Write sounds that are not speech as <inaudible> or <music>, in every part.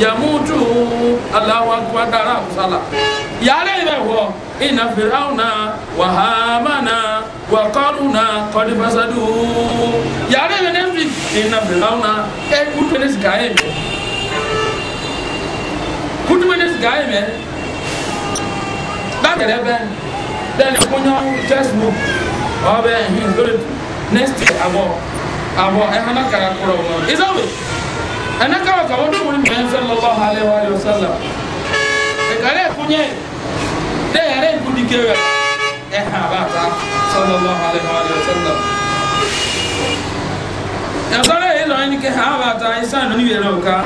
yamutu alahu musala yàrá ibẹ̀ wọ firawuna wà hamana wà kọ́rùnà kọ́ni fasadu yàrá ibẹ̀ fi iná firawuna ẹ e, kutu ní sika yẹ mẹ kutu ní sika yẹ mẹ dákẹ̀rẹ̀ bẹ dẹ́ni kúnyọ́ facebook ọbẹ̀ yìí lórí next abọ́ abọ́ ẹ̀ hànà kàrà kúrọ̀ ana kawa ka wani wani mai sallallahu alaihi wa sallam e kare kunye de yare kudi kewe e ha ba ta sallallahu alaihi wa sallam ya zara yi lo ni ke ha ba ta isa no ni yero ka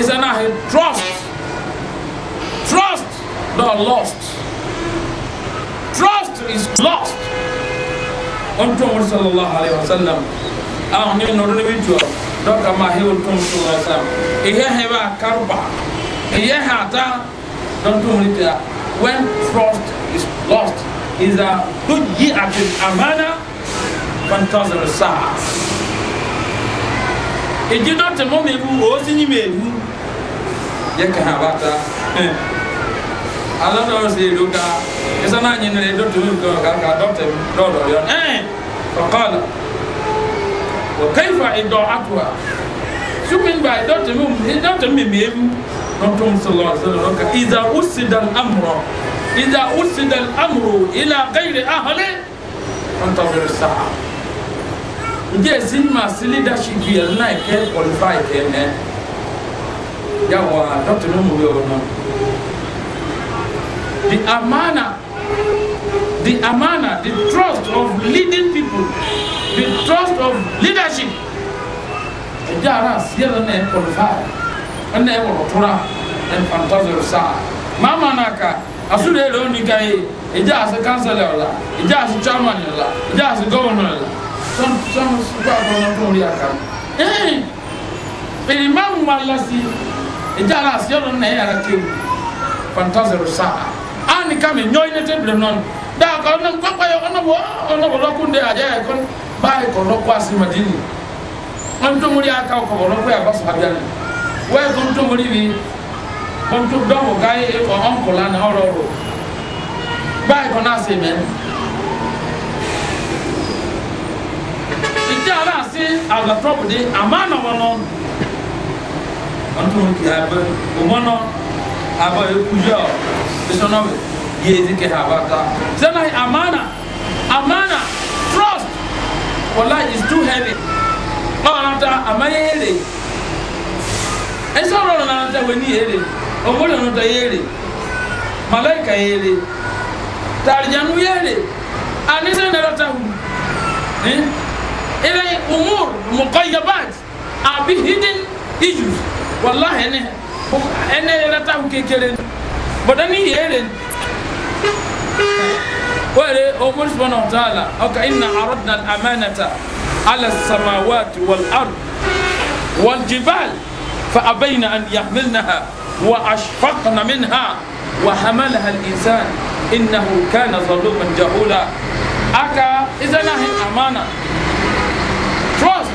isa na he trust trust not lost trust is lost on to sallallahu alaihi wa sallam aw ni no ni bi do ka ma hiwul tum tu la sam ihe he karba ihe ha ta don tu ni when trust is lost is a tuji atil amana fantazir saa eji do te mo me bu o si ni me bu ye ka ha bata ala do se do ka esa na nyi ne do tu ko ka ka do do do yo eh faqala kaifa idɔ atua sumin ba idɔ tɛmɛ idɔ tɛmɛ mɛm nɔtɔm sɔlɔ sɔlɔ ka iza usidal amrɔ iza usidal amrɔ ila kairi ahale nɔtɔmɛ saa njɛ sinima si leadership yɛ n'a ye kɛ qualify kɛ mɛ yawa dɔ tɛmɛ mu yɔrɔ nɔ di amana the amana, the trust of leading people, the trust of leadership. Ẹja ara si ẹ̀rọ náà ẹ̀ qualify ẹ̀nà ẹ̀ wọ̀rọ̀ tóra ẹ̀ fantazio sáà. Màmá náà kà asúlẹ̀ èrè òní kan yìí ẹja àti kánsẹ̀lẹ̀ ọ̀la ẹja àti chairman ọ̀la ẹja àti gọ́vọ̀nà ọ̀la sọ́n sọ́n sọ́n àgbọ̀n náà tó ń rí àká. Èrè máa ń wá lásì ẹja ara si ẹ̀rọ náà ẹ̀ yàrá kéwù fantazio sáà. Á ní ká mi nyọ́ ilé tẹ́bìlì náà da ka na ko ko ona bo ona bo kunde aja kon bai ko no kwasi madini on to muri aka ko bo no ko ya basu habian we kon to muri bi kon to do mo kai e ko on ko la na oro ro bai ko na se men ija ala se aga top de amana wono on to ki aba o mono aba yezi ke habata zana amana amana trust wallahi is too heavy ọ̀nàta àmáyéèrè ẹsẹ̀ ọ̀rọ̀ ọ̀nàta wẹ̀ ní èrè ọmọdé ọ̀nàta yéèrè màláìka yéèrè tàrìjànú yéèrè àníṣe nàrọ̀ta wù ní ilẹ̀ umur mọ̀kọ́yabat àbí hidden issues wàláhẹ̀ ẹni ẹni ẹ̀rẹ́ta wù kékeré bọ̀dá ní yéèrè ni. wale omori subhana wa taala aka inna aradna alamanata ala samawati walard waljibal فأبين أن يحملنها وأشفقن منها وحملها الإنسان إنه كان ظلوما جهولا أكا إذا نهي الأمانة trust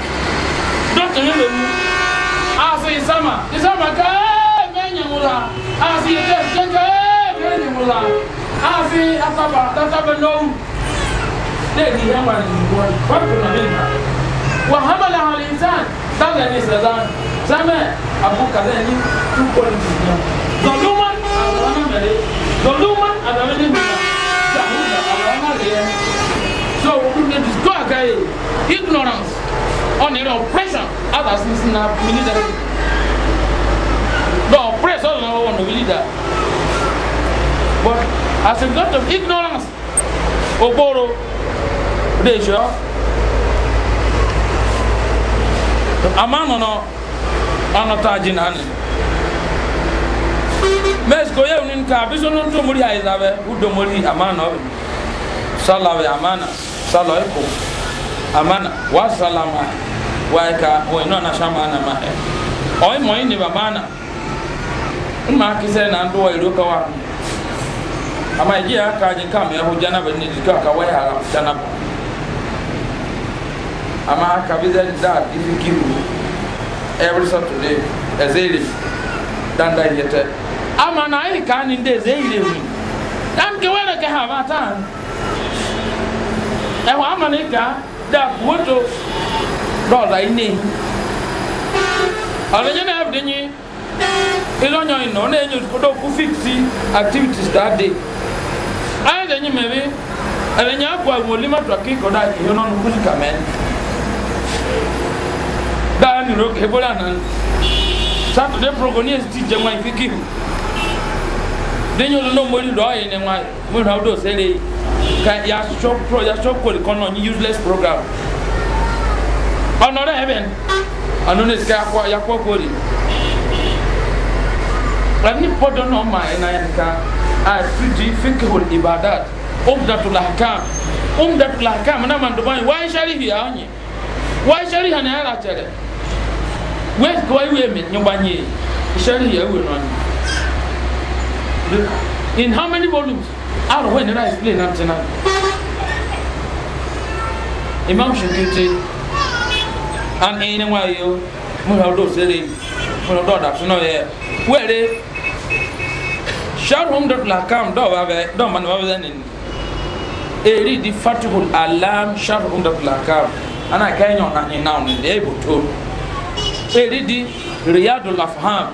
don't hear me أسي سما إسما كا من يمولا أسي تشكا afi ataba tataba nɔwu ne di ɛma ne di wɔri wɔri na ne wa hama la hali zan zan ne sɛ abu kaza ni tu kɔli ti diya dɔluma azama ne mɛ de dɔluma azama ne mɛ jahu la azama ne so olu ne di to a ignorance ɔni yɛrɛ oppression ala sinsin na military dɔn oppress ɔlɔlɔ wɔn no military but as a result of ignorance ogboro dey sure ama nọ nọ ọnọta ajin ani mes ko yewu ka biso nun to muri ayi zabe u muri amana o salawe amana salawe amana wa salama wa ka o ino na shama na ma e o mo ni ba mana ma ki se na ndo wa iroka wa amma ji ya ka ji kam ya hujja na bani ji ka wai haram janaba amma ka bi da da dibi kiru every saturday ezeli dan da yete amma na ai ka ni de ezeli ni dan ke wala ka ha ba ta e wa amma ne ka da kuoto do da ini ọ̀rẹ́jẹ́ náà ẹ̀bùdínyí ilé ọ̀yàn ìnáwó náà ẹ̀yìn òdòkú fíìsì activities that day ɛbɛ nyi mɛ bi ɛbɛ nyi akɔ awoli ma tɔ ki kɔda yi yɔnɔ nu kusi kamɛ daa ni ro kebo la nan saturday program ni esi ti jɛ ŋa ifi kim den yɔ lɔnà mori lɔ yi ne ŋa mo na o do sele ka yasɔ pro yasɔ kori kɔnɔ ni useless program ɔnɔ dɛ ɛbɛn ɔnɔ ne sika yakɔ yakɔ kori ɛni pɔdɔ nɔ ma ɛna yɛ nika. alfiji fikihul ibadat umdatul ahkam umdatul ahkam na man dubai wa sharihi ya onye wa shariha na yara tere we ko iwe me nyobanye sharihi ya we non in how many volumes are when I explain am tonight imam shukiti an ene wa yo mo do sele mo do da tuno ye were sharhum dot lakam dɔw b'a bɛ dɔw ma na b'a bɛ nin eri di fatihul alam sharhum dot lakam ana kɛ ɲɔgɔn na ɲinan nin de e b'o to eri di riyadul afham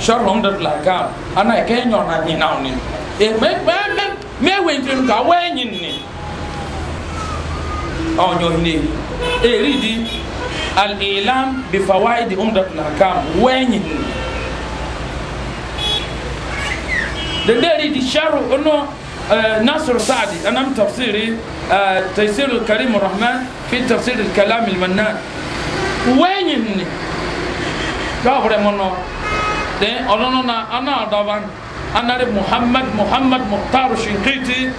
sharhum dot lakam ana kɛ ɲɔgɔn na ɲinan nin e mɛ mɛ mɛ mɛ wɛntirin ka wɛn ɲin ɔ ɲɔgɔn ne eri di al ilam bifawaidi umdatul hakam wɛn ɲin nin. denderi di sharu ono ناصر سعدي أنا تفسيري تيسير الكريم الرحمن في تفسير الكلام المنان وين كابر منو ده أنا أنا أدوان أنا محمد محمد مختار شنقيتي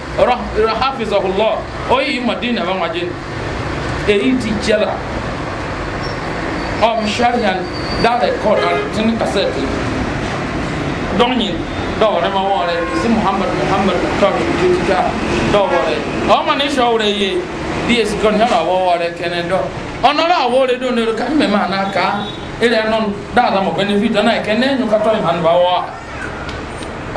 حافظه الله أي مدينة بمجين أي تجلا أم شريان دار القرآن تنكسرت دونين dɔwɔrɛ ma wɔɔrɛ isi muhammadu muhammadu tɔhi tutuka dɔwɔrɛ ɔma ne sɔwɔrɛ ye die sikɔni hɛn awɔ wɔɔrɛ kɛnɛ dɔ ɔnɔrɔ awɔɔrɛ do ne do ka mɛ maa n'a ka ele anɔn daadam ɔbɛnɛ fi dɔnna yɛ kɛnɛ nyɔ katɔ yi hanuba wɔ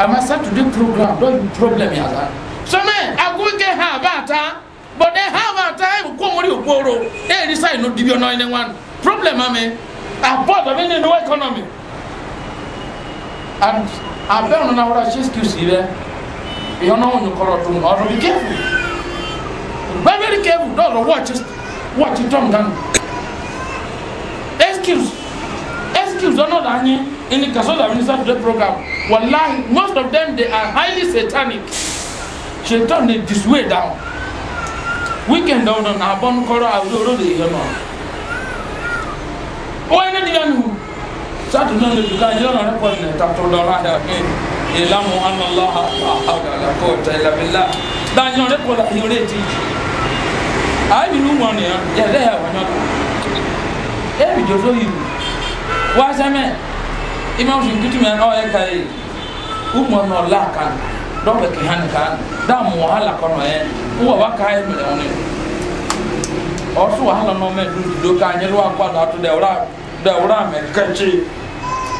ama saturday program dɔ yi problem yala sɔmɛ agoge ha b'a ta bɔdɛ ha b'a ta e ko mori o gboro e yɛrɛ sa yi no dibi ɔnɔ yi ne ŋwan problem amɛ a bɔ dɔ bɛ ne economy and abẹ́rù nínú àwọn ṣe skills rẹ ìyọ́n náà wọ̀nyí kọ́rọ̀ tó ọ̀rọ̀ bí kẹ́fù bẹ́ẹ̀rẹ̀ kẹ́fù dọ́ọ̀lù wọ́ọ̀tì tọ́m dánù excuse excuse ọ̀nà dání in the kasola minister today program wàláhi most of them they are highly satanic She shaitan dey disway down weekend ọ̀nà àbọ̀nukọ́rọ̀ àwùjọ olóde ìyọ́nà ó ẹni dìgbà nù sátú náà lè dùkà yọrọ rẹ pọ ní tàtó lọrọ àyà pé ìlànà anàlá àhàlà kò tẹ ìlàbílà dájọ rẹ pọ láti orí ètí ìjì àìbí ló wọn nìyẹn yẹlẹ ẹ wọn yọdọ ẹbí jọjọ yìí wá sẹmẹ ìmọ̀ òsì kìtìmẹ̀ náà ẹ̀ ká yìí umu ọ̀nà ọ̀la kan dɔbɛ ki han kan daa mu wahala kɔnɔ yɛ eh. n wa ba kaa yɛ mɛlɛ wani ɔsu oh, wahala nɔ mɛ du do kaa nyɛ do wa kɔ do ato dɛ wura dɛ wura mɛ kɛntsi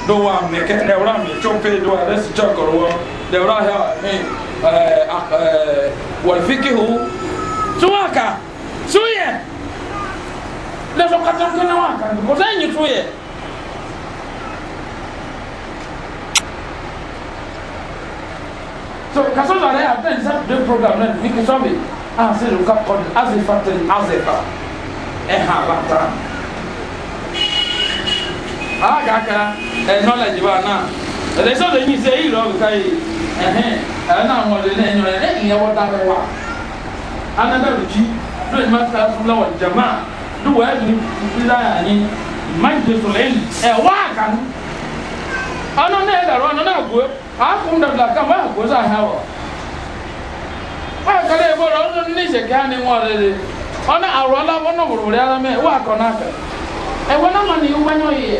do wa mi ke de wura mi cho pe do wa res cha kor wo de wura ha mi wal fikihu suwaka suye de so katam kana wa kan ko sai ni suye so kaso da ya den sa de program na mi ke so mi a se ru ka kon azifa ten azifa e ha bata aga aka knowledge eh, ba na ɛdɛ sɛ ɔdɛ nyi sɛ eyi lɔɔri ka yi ɛhɛn ɛna wɔn ne nyɔrɔ ne nyɛ wɔ eh, da wa anada do wɔ jama do wɔ yɛ anyi sɔrɔ ɛwɔ aka ne yɛ dara na agoe akom dabila kam wɔyɛ agoe sa aha wɔ wɔyɛ kala yɛ bɔlɔ ɔno ne sɛ awurɔ la ala mɛ akɔ ɛwɔ n'ama yɛ.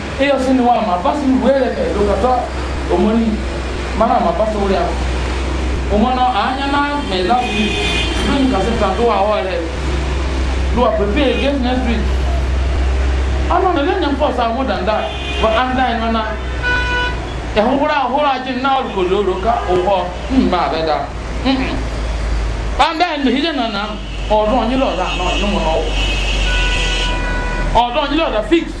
eyo sin wa ma basi wele ke do ka to omoni mana ma basi a ya omono anya na me la fi do ni ka se ta do awo prepare against next week ana na le nyam force amu dan da ba an da ni na e ho ra ho ra na ko do ka o ho ma be da hmm. an da ni na na ọdún ọyìn lọ́dà náà ni mo náà ọdún ọyìn fix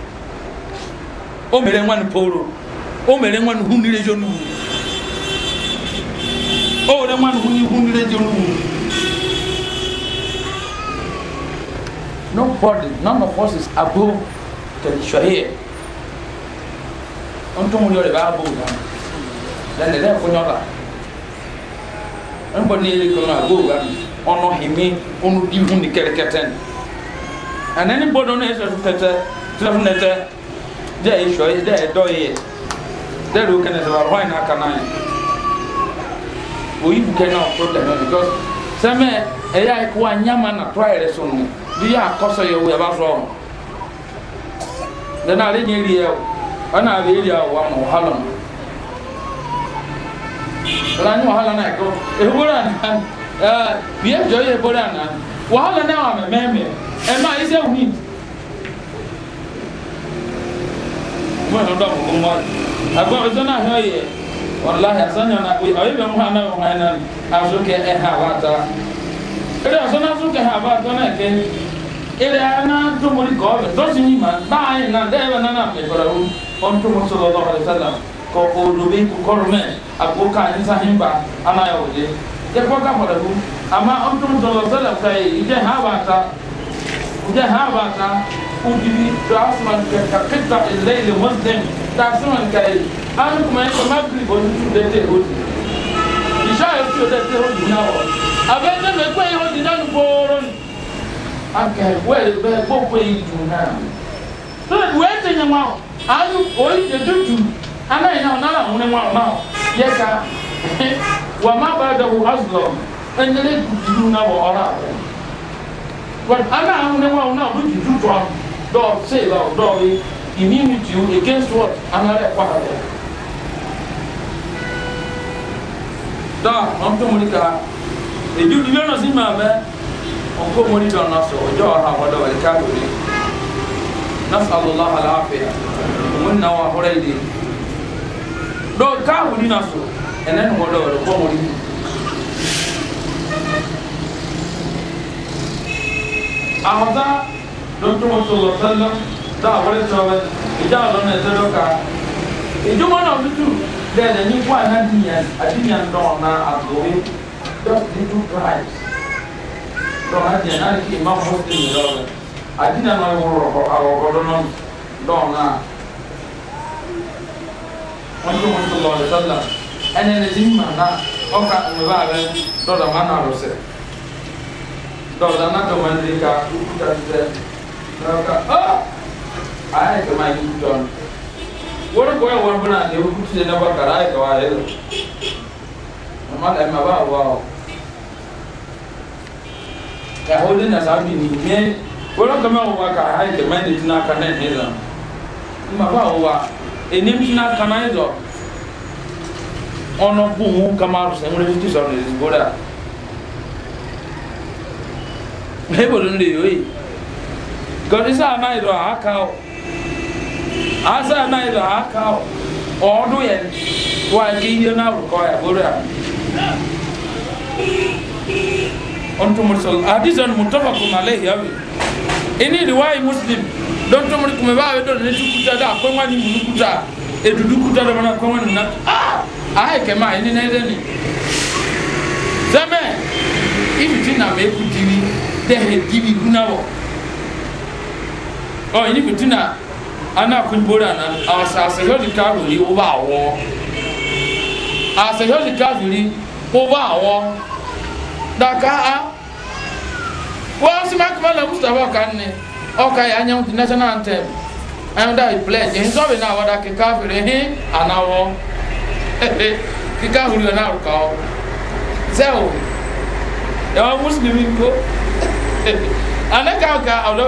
o mere nwa ni poro o mere nwa ni hunire jo nu o re nwa ni huni hunire jo nu nobody none of us is above the shahir on to mo yore ba above na then the ko nyola nobody ni ko na above ba ono himi onu di huni kereketen and anybody on is respected 12 letter dɛ yɛ sɔ dɛ yɛ dɔ yɛ dɛ yɛ kɛnɛ sɛ wa hɔn na kana yɛ oyi bu kɛnɛ o problem yɛ because sɛmɛ ɛyɛ ayɛ ko wa nyama na tura yɛrɛ so no bi yɛ akɔsɔ yɛ o yɛ ba sɔrɔ dɛ na ale nyɛ eri yɛ o ɔna ale eri yɛ o wa ma o halɔ no ɔna ni wahala na yɛ ko ehubora na ɛɛ bi yɛ jɔ yɛ ebora na wahala na wa mɛmɛmɛ ɛma ayise win. kuma na dɔm ko ŋmɔre a gbɔ ɛsɛ na hɛn yɛ walahi asanya na o ayi bɛ wa ta ɛdɛ aso na so kɛ ha wa ta na kɛ ɛdɛ ana tomori kɔ ɔbɛ dɔsi ni ma baa yi na dɛ bɛ nana mɛ kɔrɔ o ɔn tomo sɔrɔ lɔɔre alisa la kɔ o dobe kɔrɔ mɛ a ko ka nisa hin ba ana yɛ o de yɛ ka kɔrɔ o ama ɔn tomo sɔrɔ lɔɔre alisa la fɛ yi jɛ ha ta jɛ ha ta ujibi rasman ka e ka qita al-layl muslim ta sunan ka yi an kuma e ko magri bo tu de te ho isha yo e tu de te ho na ho abende me ko yo di na boron aka we be bo ko yi du na so we te nya ma anu o yi de tu tu ana ina na na hun ma ma ye ka <laughs> wa ma ba da hu azlam en le du na wa ora wa ana hun ma na bu tu tu dɔw se la o dɔw ye immunity you against what another part of da wọn tó mori ka èdè ìdílé ọ̀nà sí màá mẹ́ wọn kó mori dàn náà sọ ọjọ́ ọ̀hà wọn dọ̀wọ̀ ẹ̀ka lórí nasalọlá aláàfẹ́ wọn nà wọn ahọ́rẹ́ ìdè dọ̀ọ̀ káàwù ní náà sọ ẹ̀nẹ́ ni wọn dọ̀wọ̀ ẹ̀kọ́ mori yìí. àwọn tá dɔntɔmɔ sɔlɔ sɛlɛ daa wɔle sɔbɛ ìjà lɔn na ɛsɛ dɔ kaa ìdúmɔ náà tutu dɛ dɛ ní na àgbòwe just little price dɔn na dìnyɛn náà kì í má fún sí ìyẹn lɔbɛ na wọn tó wọn sɔlɔ sɛlɛ ɛnɛ ní ti mà náà ɔka ŋmɛbɛ abɛ dɔdɔ má nà lɔsɛ dɔdɔ raka ah ai ka ma yi don wani koyan wani bana da ya hukunci na bakara ai ka wa ya yi amma da ma ba wa ka hodin na sabi ni me wani kama wa ka ai ka mai da tuna ka nan ne zan ma ba wa enim tuna ka nan zo ono buhu kama sai mun ji sọ ne zibora Bible ndio hii God isa na iro aka o o ọdụ ya wa ke ihe na rukọ ya bụrụ ya onto mursal hadithun muttafaqun alayhi yawi ini riwayi muslim don to muri kuma bawe don tukuta akwai wani munukuta e dudukuta da mana na ah ai kema ini ne ne zame ibi ọ yìí níbi tún náà anákùnbóra náà àṣà àṣeyọ́lì káàkiri ó bá àwọ̀ àṣeyọ́lì káàkiri ó bá àwọ̀ dàkà á wọ́n sì máa kọ́mọ́lá mustapha ọ̀ka ni ọ̀ka yà á nyẹ́ ti national anthem ẹ̀hún dà ìpìlẹ̀ ẹ̀hún sọ́ọ̀bì náà wọ́n dà kí káàkiri ẹ̀hín ànáwọ́ kí káàkiri ọ̀nà àrùkà ọ̀ sẹ́wọ̀ ẹ̀wọ̀n mùsùlùmí kó anẹ́kàkà ọ̀dọ́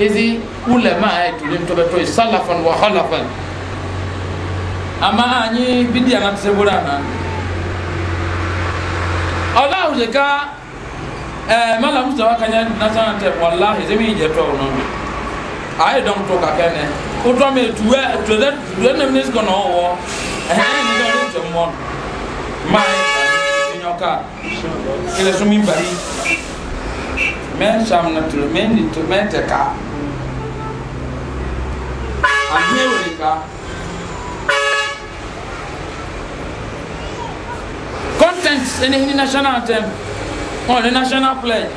izi ulama ay e tulim to beto salafan wa khalafan ama anyi bidi an se burana allah je ka eh mala mustawa kanya nasana te wallahi zemi je to no ay don to ka kene o to me tuwe to that to na minis kono wo eh, eh ni do to mon mai e nyoka ile sumi bari men samna tulo men ni to men te ka ahiewunika content ɛne hini national anthem ɔne oh, national pledge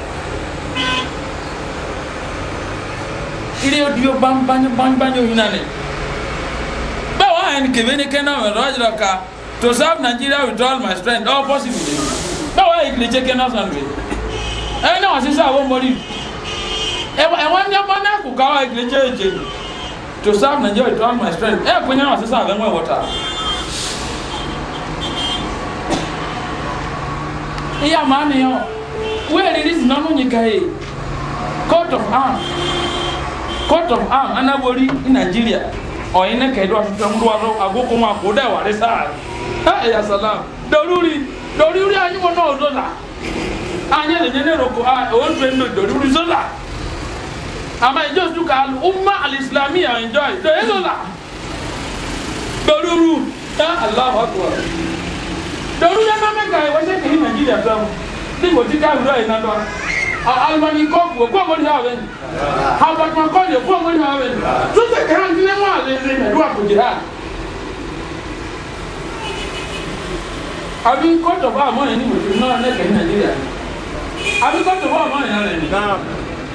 ire odio bambanye bambanye ohinane báwo àyẹn kèmé ni kẹ́ńdà wẹ̀ lọ́jọ́ ká to serve nigeria with all my strength all possible báwo àyẹn kìlẹ̀ jẹ́ kẹ́ńdà sànwé ẹ̀ náà wọ́n sísá àwọn mọ́rí ẹ̀wọ̀n ní ọmọ náà kò káwọ́ àyẹn kìlẹ̀ jẹ́ èjè yìí to serve Nigeria with all my strength. Eh, kunyanya na sasa avengwe water. Iya mani yo. Where it is nanu nyikaye. court of arm. court of arm anabori in Nigeria. Or in a kedo asutu mdu wazo agoko mwa kuda wa resa. Ha eh, ya salam. Doruri. Doruri anyi wono odola. Anya le nyene roko a ah, o ndo ndo doruri zola ama enjoy duka al umma al islamiyya enjoy to yelo la doruru ta allah akbar doruru na mame kai wase ke nigeria tamu ni ko ti ka ro ina do almani ko ko ko mo ni hawe ha ba ko ko ni ko mo ni hawe to se ke han ni mo ale ni me do ko jihad àbí kọ́tọ̀ bá àmọ́ yẹn ní mòtò náà lẹ́kẹ̀ẹ́ nàìjíríà àbí kọ́tọ̀ bá àmọ́ yẹn rẹ̀ ní.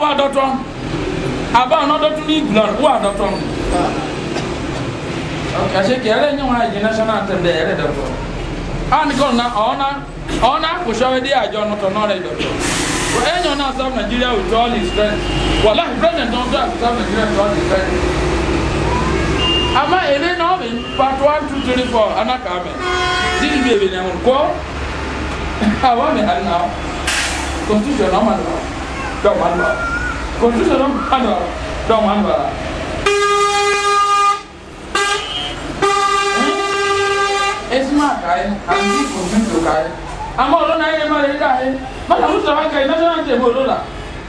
wa dɔtɔ aba ɔnɔ dɔtɔ ni gulɔr wa dɔtɔ kasi ke yɛrɛ nyɛ wɔn ayi national anthem dɛ yɛrɛ dɔtɔ ani kɔn na ɔna ɔna kusɔwɛ di adzɔ nɔtɔ n'ɔlɛ dɔtɔ o e nyɔ na south nigeria with all his friends wala president don do south nigeria with all his friends ama ele na ɔbɛ part one two three four anaka amɛ didi bi ebi na <laughs> ɛwɔ kɔ awɔ mi hali na constitution ɔma na ɔma dɔw ma nɔrɔ constitution dɔw ma nɔrɔ dɔw ma nɔrɔ. esima kae andi constitution kae ama olu na ye ma le kae mata musa wa kae national team olu la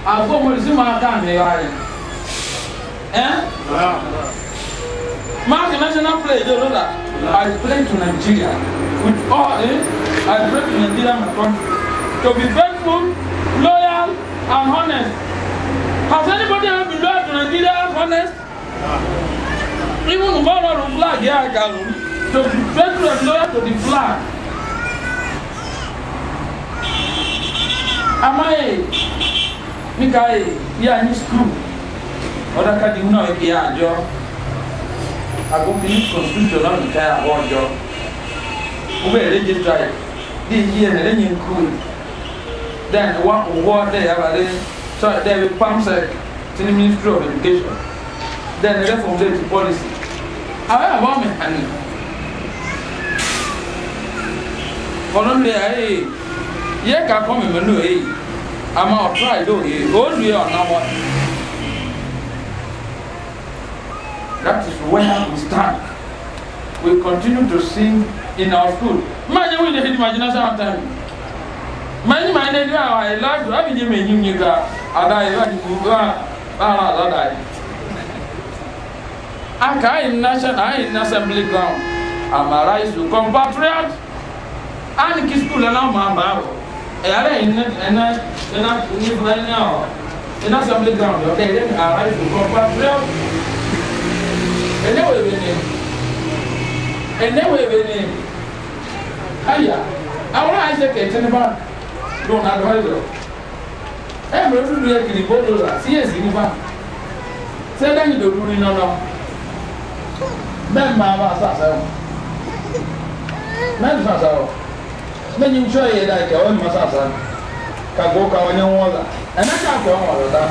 afɔ mori si ma kan ne yɔ ayi ɛn mark national play de olu la i play to nigeria with all eh i play to nigeria my country to be faithful loyal and honest. Has anybody ever been loved in Nigeria and honest? Even the one on the flag, yeah, I can. To be faithful and loyal to the flag. Am I? Mikael, yeah, in screw. Ọ̀dà kadi hùn náà kì í àjọ. Agbófin ní constitution náà nìkan àbọ̀ ọjọ́. Ó bẹ̀rẹ̀ register yìí. Bí iye ẹ̀ lẹ́yìn kúrò then one award there about then so they will pump sec to the ministry of education then the rest of them to policy I àwọn mi hàn For only mi ẹ ẹ come in kọ́ mi I'm out àmọ́ ọ̀tọ́ àìdó Only ó lu ẹ that is where we stand we continue to sing in our school. Imagine yẹ wọ́n yẹ kí ni màjínà mani mani ni awa ila du abi je me nyim nyika ada ila di mu ba ara ada da yi aka in national in assembly ground amara isu compatriot ani ki school na ma ba ro e ara in na na na ni ba ni o in assembly ground o de ni ara isu compatriot ene we be ni ene we be ni aya awra ise ke tene ba lóun advisor ẹ mọ̀ lórí ẹ kiri bọ́lọ́lá sí èsì nípa ṣé lẹ́yìn lòdù ní nọ́nà mẹ́rin máa máa sàṣàrò mẹ́rin sàṣàrò lẹ́yìn iṣẹ́ ẹ̀yẹ dá ìkẹ́ ọ́ ní máa sàṣàrò kàgbó ka ọ̀nyẹ́ wọn la ẹ̀ná ká àkọ́ wọn ọ̀rọ̀ dá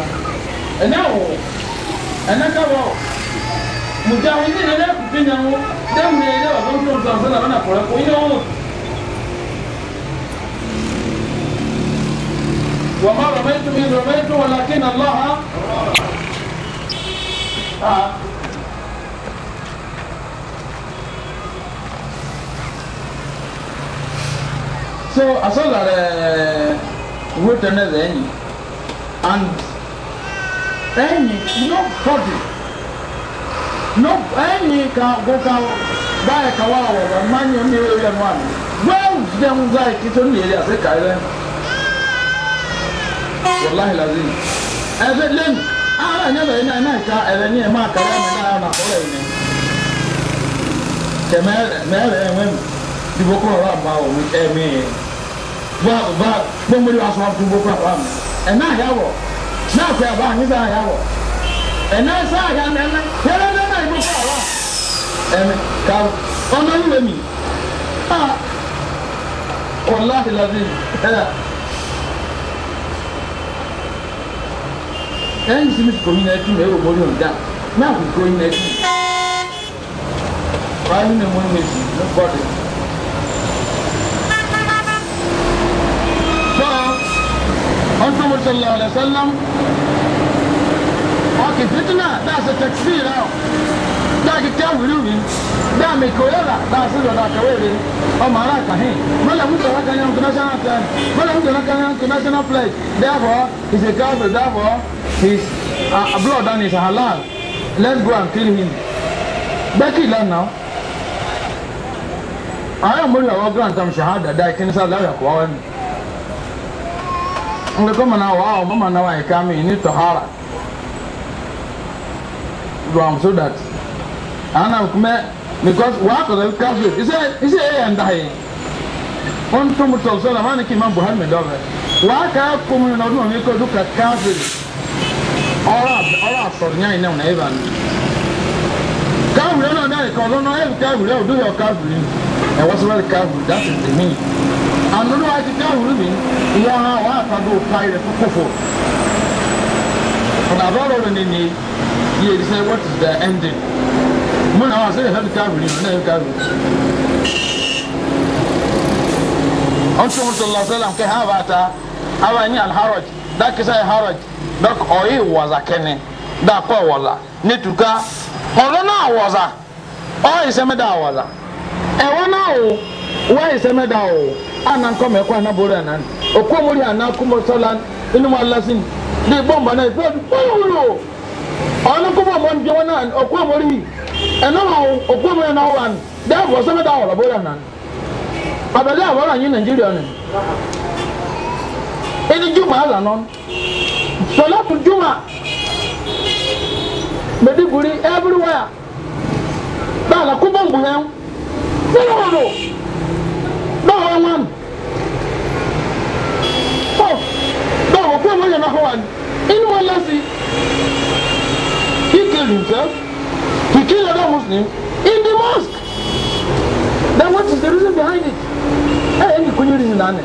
ẹ̀ná wò na ká wọ́ mùtí àwọn ilé ìrẹ́lẹ́ kùtì yẹn wọ́n dẹ́mu ní ẹ̀yẹ wà fún kí wọ́n sọ̀rọ̀ sọ́nà wọn àkọ́rẹ́ kò yẹ wọ́n. وما رميت إذ رميت ولكن الله آه. So as well as written as any, and any nobody, no any can go can buy a kawawa, man you need one. Well, them guys, it's only a guy wàláhì làzim ẹbí lẹ́nu ara ẹ̀yẹ́ bẹ̀rẹ̀ náà náà ká ẹ̀rẹ̀ ní ẹ̀mọ́ àkàrà ẹ̀mọ́ náà nà ọ̀rẹ́ ẹ̀yẹ́ kẹ mẹ́rẹ̀ ẹ̀wẹ́n dìbò kúrò ọ̀rọ̀ àmọ́ òwe ẹ̀mí yẹn bá bá gbọ́mọdé wa sọ wọn dìbò kúrò ọ̀rọ̀ àmọ́ ẹ̀ náà yà wọ̀ náà fẹ́ bá yín sáà yà wọ̀ ẹ̀ náà sáà yà mẹ́rẹ̀ yẹ́rẹ́ náà ká ọ̀nà ìwé mi ah wàláhì làzim ẹ̀ ẹ̀yìn sí mr community mi ẹ̀rọ mọ́rí ọ̀dà náà kò kúrò ní ẹ̀dí. Wáyé ní mo ní méjì ní bọ́ọ̀dù. Sọ ọdún mo sọlọ ọ̀rẹ́ sẹ́lẹ̀m. Ọkì fitina dáàsì tẹ̀kisì rẹ̀ ọ̀. Dáàkì tẹ́ wìrì wì. Dáàmì kòlẹ́rà dáàsì lọ́dọ̀ àkàwérè. Ọmọ ará kàhín. Mọ́lẹ̀ mú sọ̀rọ̀ kan yẹn international ten. Mọ́lẹ̀ mú sọ̀rọ̀ kan yẹn international pledge. Therefore, is a his uh, blood and his halal let's go and kill him becky learn now ayé àmúlò àwọn grant am shahada dá ìkíni sá lára kó wá mi nga kọ́mọ̀ náà wàá ọmọ mọ̀ náà wà ẹ̀ka mi ní tọ́hárà do am so that àná kúmẹ́ because wàá kọ̀ lẹ́yìn káfíò iṣẹ́ iṣẹ́ ẹ̀yẹ ń dá yẹn wọ́n tó mu tọ̀ sọ́dọ̀ wọ́n á ní kí n má buhari mi dọ́bẹ̀ wàá kà á kó mu ní ọdún òní kó dùkà káfíò ọrọ asọrọnya yìí náà ẹ̀bà ni káàbùrẹ́ náà náà ẹ̀ka ọ̀dọ́ náà ẹ̀rù káàbùrẹ́ ọ̀dọ́ yọ káàbùrẹ́ ẹ̀wọ́ sọ́lá ẹ̀ káàbùrẹ́ that is the mean ànúnú wa ti káàbùrẹ́ mi ìyá ha wà á fagbo pa ẹ̀rẹ̀ fúkúfù ọ̀nà àbọ̀rọ̀ rẹ̀ nìyí yìí èyí sẹ́ what is the ending mo náà wà sẹ́yìn ẹ̀fẹ́ káàbùrẹ́ mi náà ẹ̀rù káàbùrẹ́ ọ̀tún sọ̀lá sẹ́lá kẹ́ ha bàtà àwọn ẹ̀yìn alharaj dákẹ́sẹ́ alharaj donc ɔye wɔza kɛnɛ da kɔ wɔza netuka tuka ɔlɔ naa wɔza ɔye sɛmɛ da wɔza ɛwɔ naa o wɔye sɛmɛ da o ana nkɔmɛ kɔ ana bori ana okomori ana kumɔ sɔla inuma lasin de bɔmba na ekpe kpɔwulo ɔno kumɔ mɔni jɔn na okomori ɛnɔma o okomori na wɔn da wɔ sɛmɛ da wɔlɔ bori ana abɛlɛ awɔra anyi nigeria ni ɛni juma ala nɔn. Salatu Juma, Maiduguri, everywhere. Bala kubongu yẹn. Nínú ọ̀rọ̀, báwo wá mu? Ọ̀ báwo kó wọ́n yẹn náà wà ní? Inú wọn lọ́sí. He killed himself. He killed another Muslim in the mosque. Then what is the reason behind it? Ẹ ẹ́ ní kúnyìrì yìí lánàá.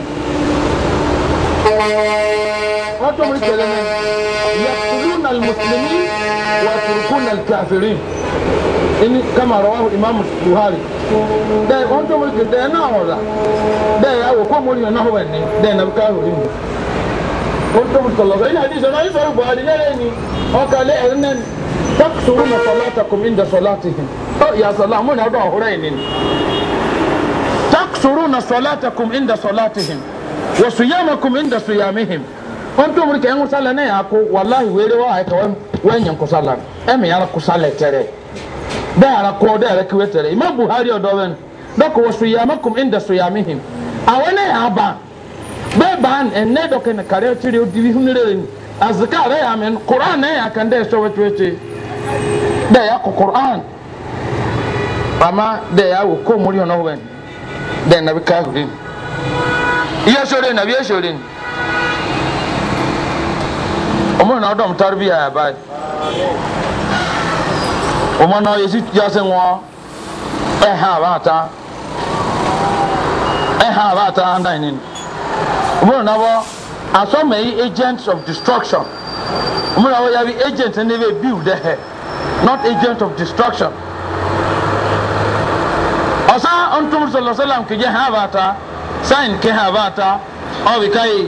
هاتوا الكلمين يقتلون المسلمين ويتركون الكافرين إن كما رواه الإمام البخاري ده هاتوا من ده ولا ده أو كم أنا هو أني ده نبكاه هنا هاتوا من الله إن هذه زمان يسأل بعدين يعني لأني أوكا إن تكسرون صلاتكم عند صلاتهم أه، يا سلام من هذا هرين تكسرون صلاتكم عند صلاتهم وصيامكم عند صيامهم on to muri kengu sala ne yako wallahi were wa ay kawam wenyen ko sala e me yara ko sala tere da yara ko da yara kiwe tere imam buhari o doben doko wasuyamakum inda suyamihim awane aba be ban enne doke ne kare tiri o divi hunire ni azkar ya men qur'an ya kan da so wetwete da ya qur'an ama da ya muri ono wen da na bi ka hudin iya ọmọ náà dọ̀m tarbiya yà báyìí ọmọ náà yẹ si yasẹ wọn ẹ ha àbáta ẹ ha àbáta ndàn ní ọmọ náà wọ asọmọye agents of destruction ọmọ náà wọ yà bi agent ní bẹ bíu dẹ hẹ not agents of destruction ọsàn ọ̀ntúnmùsọ̀lọ́sọ̀làm kìí jẹ́ ha àbáta sáyìn kìí ha àbáta ọ̀ bìkáyìí.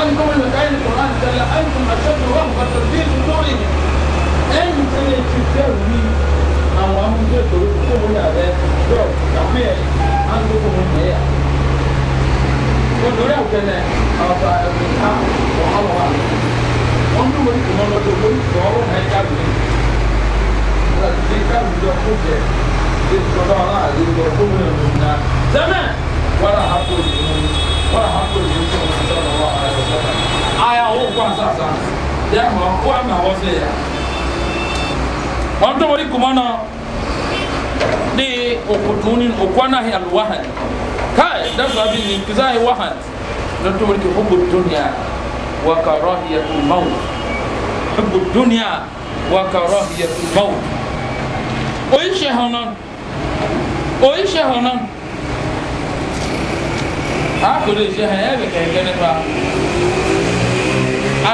أنتم المتعين القرآن جل أنتم أشد رهبة في صدورهم أنتم تسوي àwọn amúgbé torí kó wọlé abẹ yọ kàmú yẹ àndó kó wọn yẹ wọdọrẹ àwùjẹlẹ ọba ẹbí ká wọn àwọn wa wọn bí wọn kò mọ lọ́dọ̀ wọn sọ ọwọ́ náà ẹka mi wọn ti di ká mi lọ kó jẹ ṣe sọ́dọ̀ ọlá àti ìjọ kó wọn yẹ lọ nà sẹmẹ wọn àhàpọ ìlú wọn àhàpọ ìlú tó wọn aya wo kɔ asasa yɛ hɔ ko ama wɔ se ya wɔn tɔmɔ di kuma na de okutuni okwana hi alwahan kai da sabi ni kizai wahan don tɔmɔ di hubu dunya wa karahiyatul maut hubu dunya wa karahiyatul maut oyi se hɔn nɔn oyi se hɔn nɔn a kò lè se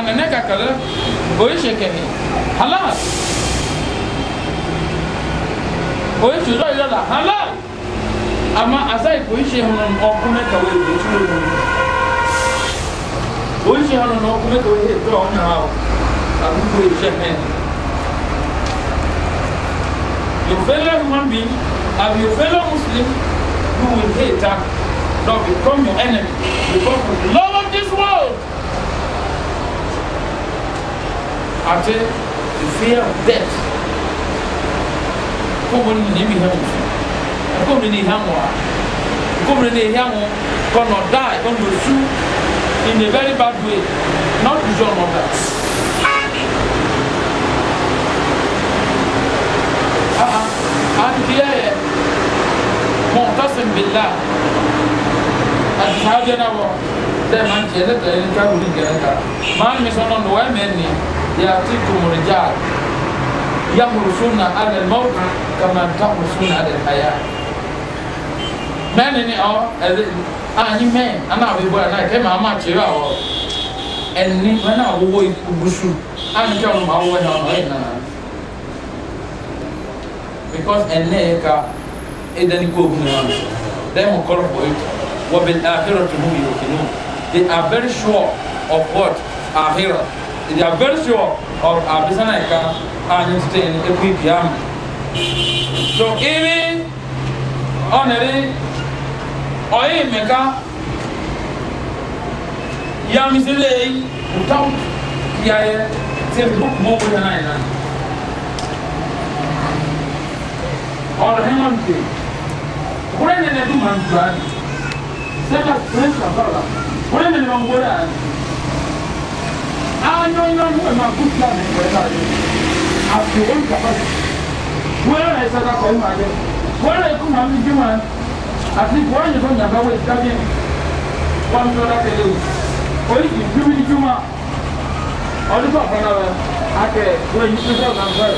anene kakala oishe kehe halal oishe zɔ yɔla halal ama asai oishe hɔn ɔkume kawe oishe hɔn oishe hɔn ɔkume kawe ebi ɔnyɛ wa akuku oishe hɛn your fellow human being and your fellow muslim you will hate that don become your enemy because you love of this world. àti the fear of death kómìnì ní ibi hẹ́mù fún kómìnì ní hẹ́mù a kómìnì ní hẹ́mù kọ́nọ̀ die ọ̀nà osu in a very bad way not to join others. Antiye mọ̀tọ́sìn bìlá àti sáájú ẹ̀ náà wọ̀ dẹ́ẹ̀ máa There tiẹ̀ lẹ́tọ̀ọ́ ẹni ká wùdí gẹ̀rẹ́ ká máa ń mi sọ́nà ọ̀nà wẹ́ẹ̀mẹ́ ni. يأتيكم رجال يمرسون على الموت كما تمرسون على الحياة mẹ́rin ni ọ anyi mẹ́rin ana àbíbọ ẹ̀ náà kẹ́mi àmà kyerẹ́ ọ̀ ẹni mẹ́rin àwọwọ́ ìbùsù àni kẹ́ ọ̀nà àwọwọ́ ẹ̀ náà ọ̀yẹ̀ náà because ẹ̀nẹ́ yẹ ká ẹ̀dẹ́ni kó ogun náà dẹ́mu kọ́rọ̀ bọ̀ yìí wọ́n they are very sure of what are here they are very sure of abisanaika and staying a quick yam. So even honoring Oyemeka Yamisile without Yaya, say book more than I am. Or hang on to When did I do my brand? Set up friends of Allah. When did I go anyɔnyɔ nu ɛma ku fila mi wɛ ta yi afi ewu kaba yi wɛrɛ yɛ sɛ kakɔ yi ma yɛ wɛrɛ yɛ kuma mi di ma ati bɔ anyi ko nyaba wɛ ta bi wɔn tɔ la kele o oyi ti fi mi di ma ɔdi fɔ fana wɛ akɛ wɛ yi ti sɛ kan fɛ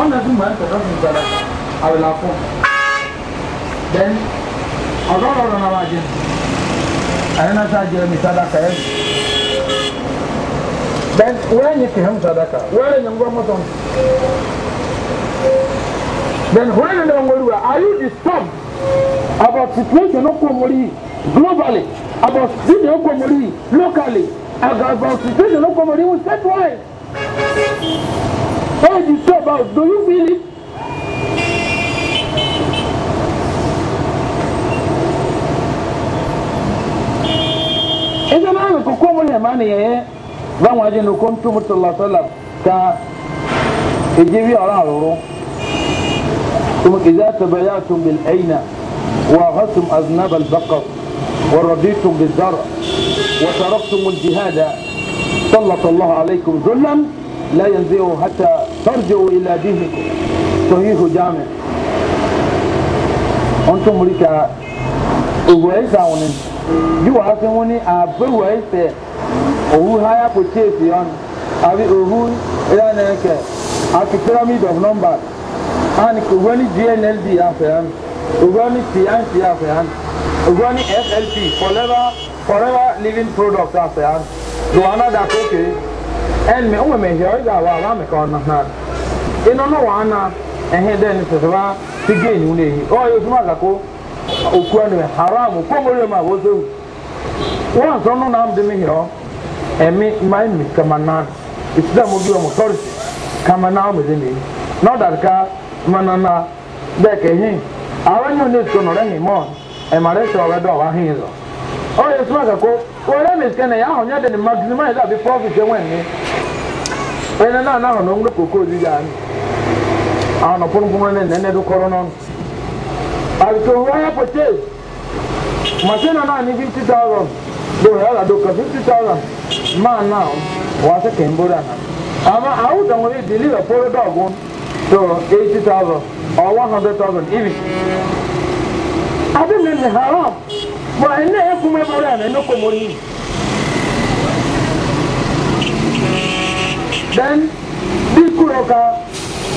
ɔna ti ma yɛ tɔtɔ mi gbɛrɛ awela fɔ then ɔdɔ lɔrɔ na ma jɛ ayɛlɛ ta jɛ mi sadaka yɛ dan wani ki ham sadaka wani ne ngwa moton then wani ne ngwa ruwa are you disturbed about situation of komori globally about situation of komori locally about situation of komori with set wise how disturbed about do you feel it Ese mami kukua mwini ya mani báwọn ajé nu kóńtù mùtòlá sọlá ka èjì bí ọ̀rọ̀ àrùrù tuma ìdá tàbáyà tún bil ẹ̀yìnà wà hàtùm aznab albakar wà rọ̀dìtùm bil zara wà tàrọ̀tùm jihada sallàtà allah alaykum zullan la yanzihu hata tarjiu ila dinikum sahihu jami on tún múri ka òwò ẹ̀sà wọn ni yíwọ́ afi wọn ni àbẹ̀wò ẹ̀sẹ̀ owu ha ya purchase on abi owu ya na-eke aki pyramid of numbers and owu ni gnld afọ ya owu ni tnc afọ ya owu ni flp forever forever living product afọ ya do another koke ẹn mi ọmọ mi hìọ ẹ gà wà wà mí kọ ọ̀nà náà iná náà wà á na ẹ̀hìn dẹ́ni sọ̀tọ̀ bá ti gé ìnú n'èyí ọ̀ yóò túmọ̀ àgàkó òkú ẹnu haram kó mo rí ẹ̀ máa wọ́n sẹ́wù wọ́n sọ́nù náà ń dín mi hìọ́ ɛmi my miss kamana esi dɛ mo bi wɔn sɔri kamana wɔn de mi n'ɔdari ka manana bɛɛ kɛ hin àwọn yóò ní ìsọnù rẹ hìn mọ ẹmọ rẹ sọ ọrẹ dọ wá hìn lọ. ó yẹ súnmọ́ kẹ́kọ́ wọlé mi sẹ́nẹ̀ yà hàn yẹ́dẹ̀ ní magidi mọ́ ẹ̀ dàbí pọ́ọ̀fù ṣe wẹ̀ ní. ẹni náà náà hàn ọ́nú kòkó òdi yá ni. àwọn ọ̀nà pọ́npọ́n ní ẹ̀nẹ́ ẹ̀dú kọ́rọ́ náà. àbùtò wọ́n yẹ pẹ̀tẹ́ màsínà náà ní fifty thousand lóhùn ẹ̀rọ àdókò fifty thousand man now was a Cambodia. Ama I would only deliver for a dog one eighty thousand or one hundred thousand, even. I don't mean haram. But I never come around and no come on you. Then, this Kuroka,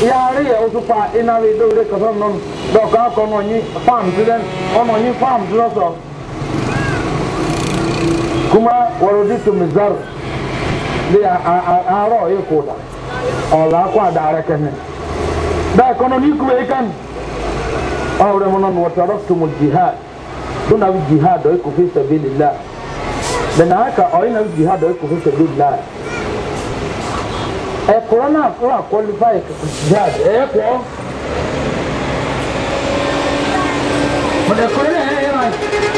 yàrá yẹ oṣù pa iná lè dóore kọsán náà dọ̀ka ọkọ̀ ọ̀nà yín fáàmù sílẹ̀ ọ̀nà yín fáàmù sílẹ̀ sọ̀rọ̀ kuma waroditu mizar de arɔ yi ko da ɔla kɔ a daara kɛnɛ daa kɔnɔ ni kube ikan ɔwurɛ mu nɔn wɔtɔrɔ tumu jihad tun na bi jihad ɔyi kofi sabili la bɛn e na aka ɔyi na bi jihad ɔyi kofi sabili la ɛkɔrɔ naa kɔ a kɔlifa jihad ɛyɛ kɔ mɛ ɛkɔrɔ naa yɛ yɛ ma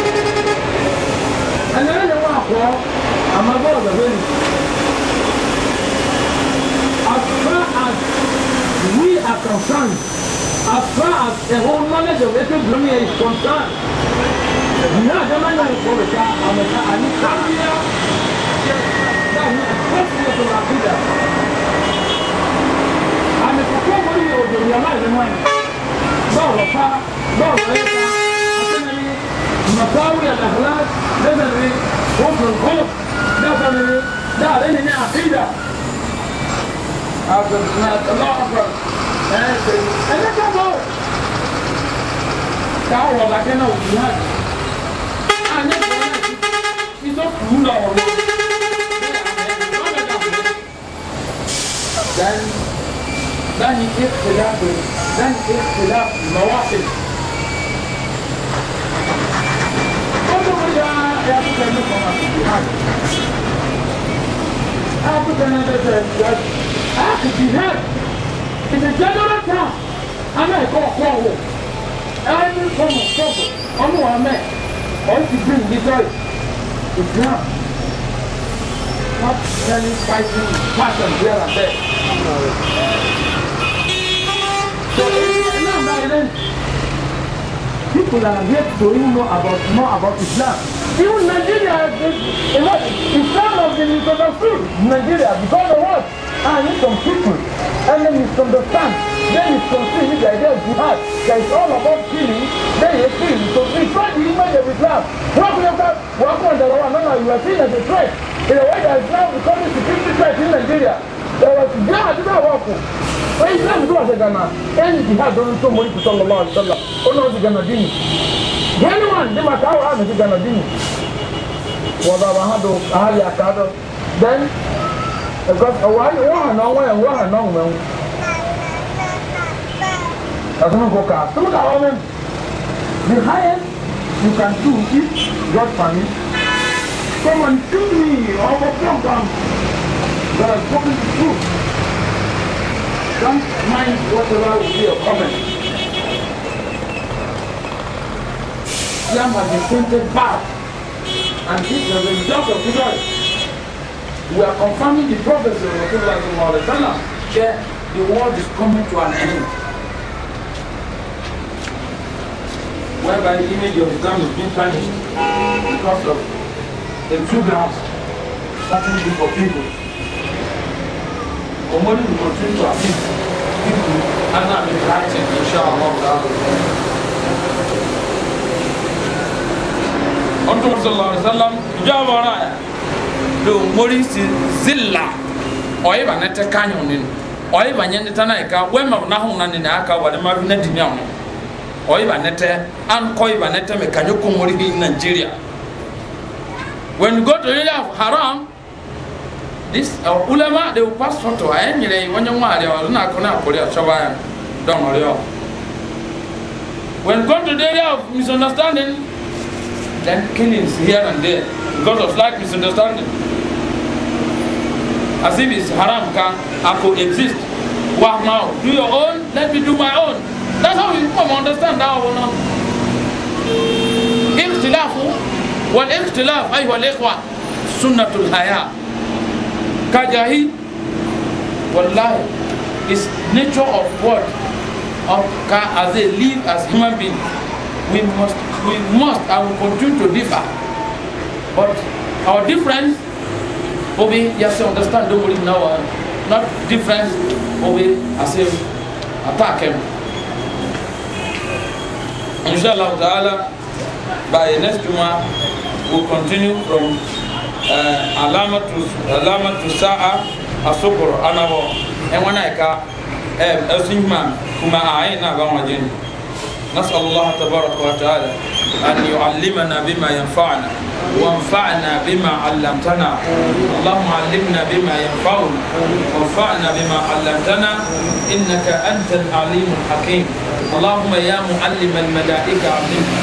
kọ́ àmọ́ gbọ́dọ̀ as far as we are concerned as far as the whole knowledge of ethnic blooming is concerned ní àjọmọ́nà ìfọwọ́ta àmọ́ta àníkà náà ní àkọsílẹ̀ tó máa fi dà àmì kòkó wọlé òjò ìyàmá ìlú mọ́ni bọ́ọ̀lù pa bọ́ọ̀lù ẹ̀ka. مساوي الاخلاق نزل ايه؟ كفر الخلق نزل ايه؟ ده علينا ان عقيده اكبر سمعت الله اكبر ماشي انا كفر تعوض عشان اوجيهات انا في صف اولى والله ده ده اختلاف ده اختلاف المواقف ẹni kan máa tètè hàn. African NSF Judge Akiti a general term ana ẹ̀kọ́ ọ̀kọ́ ọ̀wọ̀ ẹni form of trouble ọmọ wa mẹ́ ọ̀n ti bring destroy Islam not any fighting passion here and there. So Islam by then people are yet to even know about more about Islam even Nigeria is some of the misunderstood Nigeria because of what? I need some people and then misunderstand. They misconceive the idea of jihad that is all about killing. Then you killing. So we try the image of Islam. What we have got, what we have no, no, you are seen as a threat. In a way that Islam is becoming security threat in Nigeria. There was jihad in our work. But Islam is not a Ghana. Any jihad doesn't so much to Sallallahu Alaihi Wasallam. Oh no, the Ghana Dini yẹn wọn ní ma ká wàá nìkí gana dín ní wọ́n bá wàá hàn dó àhàlì àkàdó then ọwọ́ ayé wọ́n hàn náà wọ́n yẹn wọ́n hàn náà wọ́n mẹ́wọ́n àtúnú kò ká àtúnú ká wọ́n mẹ́wọ́n the highest you can do if God permit someone kill me ọkọ̀ program that I'm spoken the truth don't mind whatever will be or comment. Islam has been printed back. And this is the result of today. We are confirming the prophecy of the Rasulullah that the world is coming to an end. Whereby the image of Islam is being punished because of the two grounds certain group of people. Omori will continue to appeal? people as I'm in writing, inshallah. ọtún sallallahu alaihi wasallam ìjọ do mori si zilla ọyẹ ba nẹtẹ kanyọ nínú ọyẹ ba nyẹ nẹtẹ náà ẹka wẹẹma n'ahọn náà nínú aka wà lẹ́ẹ̀ma bi n'adi àwọn ọyẹ ba nẹtẹ ankọ yẹ ba nẹtẹ mẹ kanyọ kó mori bi nàìjíríà when you go to area of haram this uh, ulama de o pass photo ayé nyere yi wọ́n nyẹ wọn àrẹ ọ̀rọ̀ náà kọ́ náà kọ́rẹ́ ọ̀ṣọ́ba yẹn dọ̀n ọ̀rẹ́ when you go to the area of misunderstanding then killings here and there because of slight misunderstanding. As if it's haram can I could exist. Wow now, do your own, let me do my own. That's how we come understand now or not. اختلاف والاختلاف أيها الإخوة سنة الحياة كجاهي والله is nature of what of ka as they live as human being we must we must and will continue to differ but our difference will be yes you understand don't worry now uh, not difference will be as if attack him inshallah ta'ala by next month, we'll continue from uh, alama to alama to sa'a asukuru anabo and when I ka um, kuma ayin na ba wajen نسأل الله تبارك وتعالى أن يعلمنا بما ينفعنا وانفعنا بما علمتنا اللهم علمنا بما ينفعنا وانفعنا بما علمتنا إنك أنت العليم الحكيم اللهم يا معلم الملائكة علمنا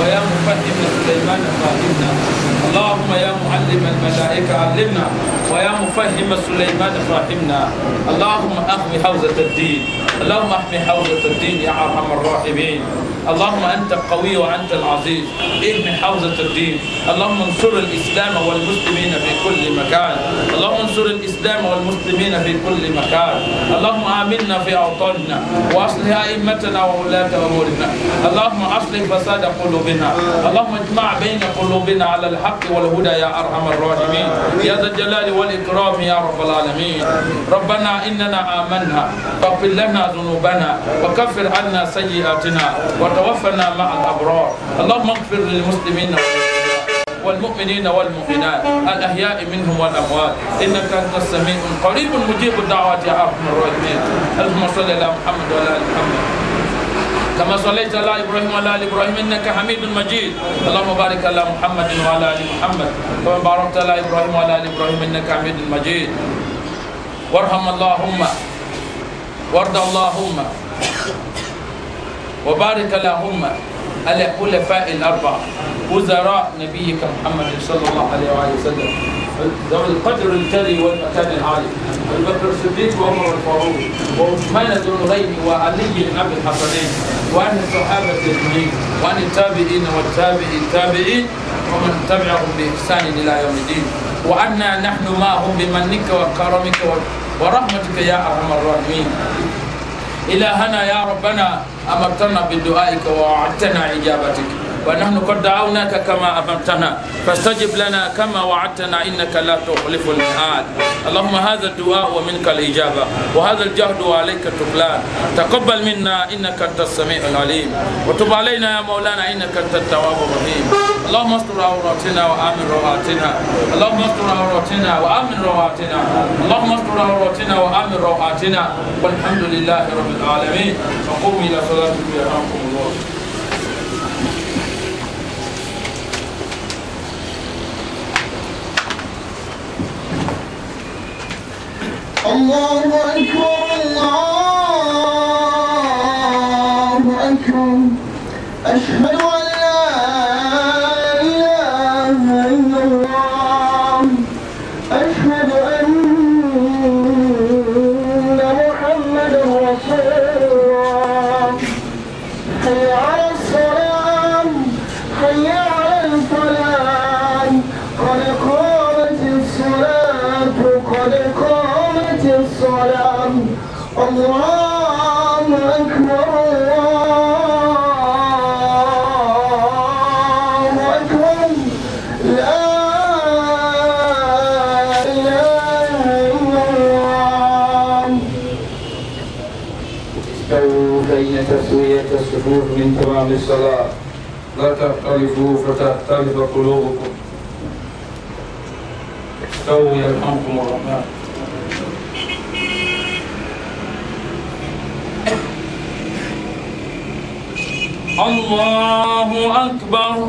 ويا مفهم سليمان فهمنا اللهم يا معلم الملائكة علمنا ويا مفهم سليمان فهمنا اللهم أحمي حوزة الدين اللهم أحمي حوزة الدين يا أرحم الراحمين اللهم أنت القوي وأنت العزيز اهمي حوزة الدين اللهم انصر الإسلام والمسلمين في كل مكان اللهم انصر الإسلام والمسلمين في كل مكان اللهم آمنا في أوطاننا وأصلح أئمتنا وولاة أمورنا اللهم أصلح فساد قلوبنا اللهم اجمع بين قلوبنا على الحق والهدى يا أرحم الراحمين يا ذا الجلال والإكرام يا رب العالمين ربنا إننا آمنا فاغفر لنا ذنوبنا وكفر عنا سيئاتنا وتقبل وتوفنا مع الأبرار اللهم اغفر للمسلمين والمؤمنين والمؤمنات الأحياء منهم والأموات إنك أنت السميع قريب مجيب الدعوات يا أرحم الراحمين اللهم صل على محمد وعلى آل محمد كما صليت على إبراهيم وعلى ال إبراهيم إنك حميد مجيد اللهم بارك على محمد وعلى ال محمد كما باركت على إبراهيم وعلى ال إبراهيم إنك حميد مجيد وارحم اللهم وارض اللهم وبارك اللهم على الخلفاء الأربعة وزراء نبيك محمد صلى الله عليه وآله وسلم ذو القدر الكريم والمكان العالي البكر بكر الصديق وعمر الفاروق وعثمان ذو الغيب وعلي بن أبي الحسنين وعن الصحابة أجمعين وعن التابعين والتابعي التابعين ومن تبعهم بإحسان إلى يوم الدين وعنا نحن معهم بمنك وكرمك ورحمتك يا أرحم الراحمين إلهنا يا ربنا أمرتنا بدعائك ووعدتنا إجابتك ونحن قد دعوناك كما أمرتنا فاستجب لنا كما وعدتنا إنك لا تخلف الميعاد اللهم هذا الدعاء ومنك الإجابة وهذا الجهد وعليك التقلان تقبل منا إنك أنت السميع العليم وتب علينا يا مولانا إنك أنت التواب الرحيم اللهم استر عوراتنا وآمن روعاتنا اللهم استر عوراتنا وآمن روعاتنا اللهم استر عوراتنا وآمن روعاتنا والحمد لله رب العالمين فقوموا إلى صلاتكم يرحمكم الله الله أكبر للصلاة لا تختلفوا فتختلف قلوبكم سو يرحمكم الرحمن الله أكبر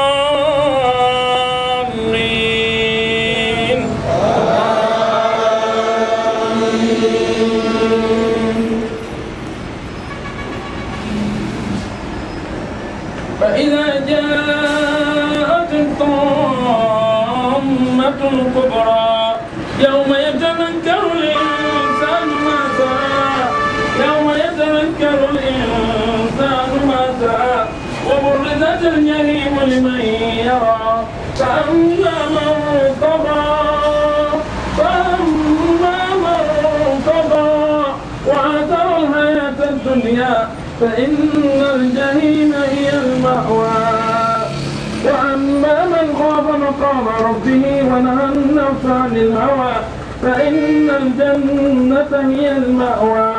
الكبرى يوم يتذكر الإنسان ما سعى يوم يتذكر الإنسان ما سعى وبرزت الجحيم لمن يرى فأما من طغى فأما من طغى وآثر الحياة الدنيا فإن الجحيم هي المأوى وأما من خاف مقام ربه ونهى النفس عن الهوى فإن الجنة هي المأوى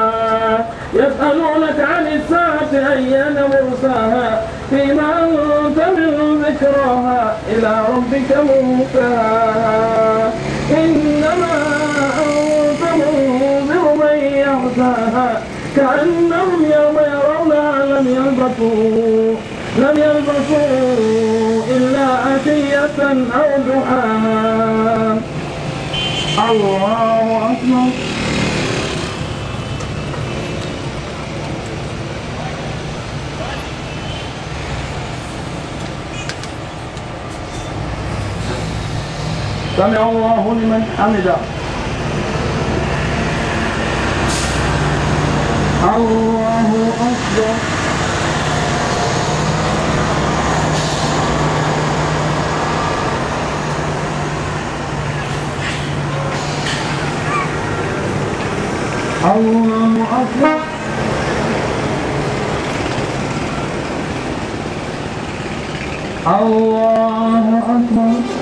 يسألونك عن الساعة أيان مرساها فيما أنت من ذكراها إلى ربك منتهاها إنما أنت منذر من يغزاها كأنهم يوم يرونها لم يلبثوا لم يلبثوا إلا عشية أو ضحاها الله أكبر سمع الله لمن حمده الله أكبر الله أكبر الله أكبر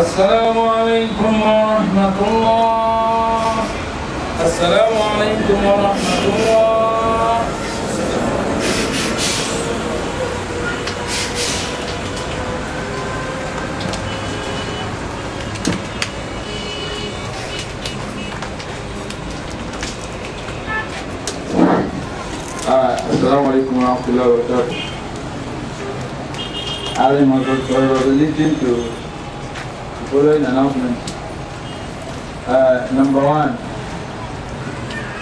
السلام عليكم ورحمة الله السلام عليكم ورحمة الله آه، السلام عليكم ورحمة الله وبركاته. I am relating to following announcements. Uh, number one,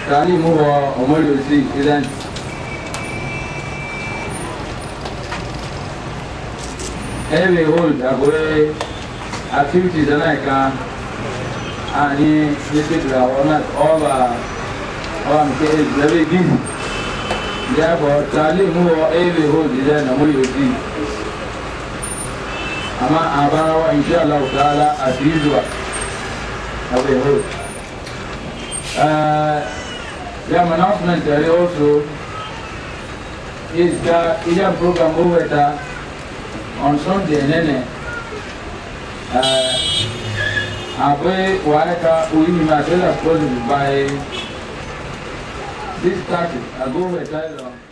Kali Muwa Omoliosi event. Every hold away activities uh, and I can He this is our honor over on case very good. Therefore, Kali Muwa every hold is an Omoliosi àmọ́ àbáwá insha Allah ta'ala àti ìzùwà àbẹ̀wò. The announcement there also is the Indian program over there on Sunday nene. Abe waeka uini masela possible by this 30. I go over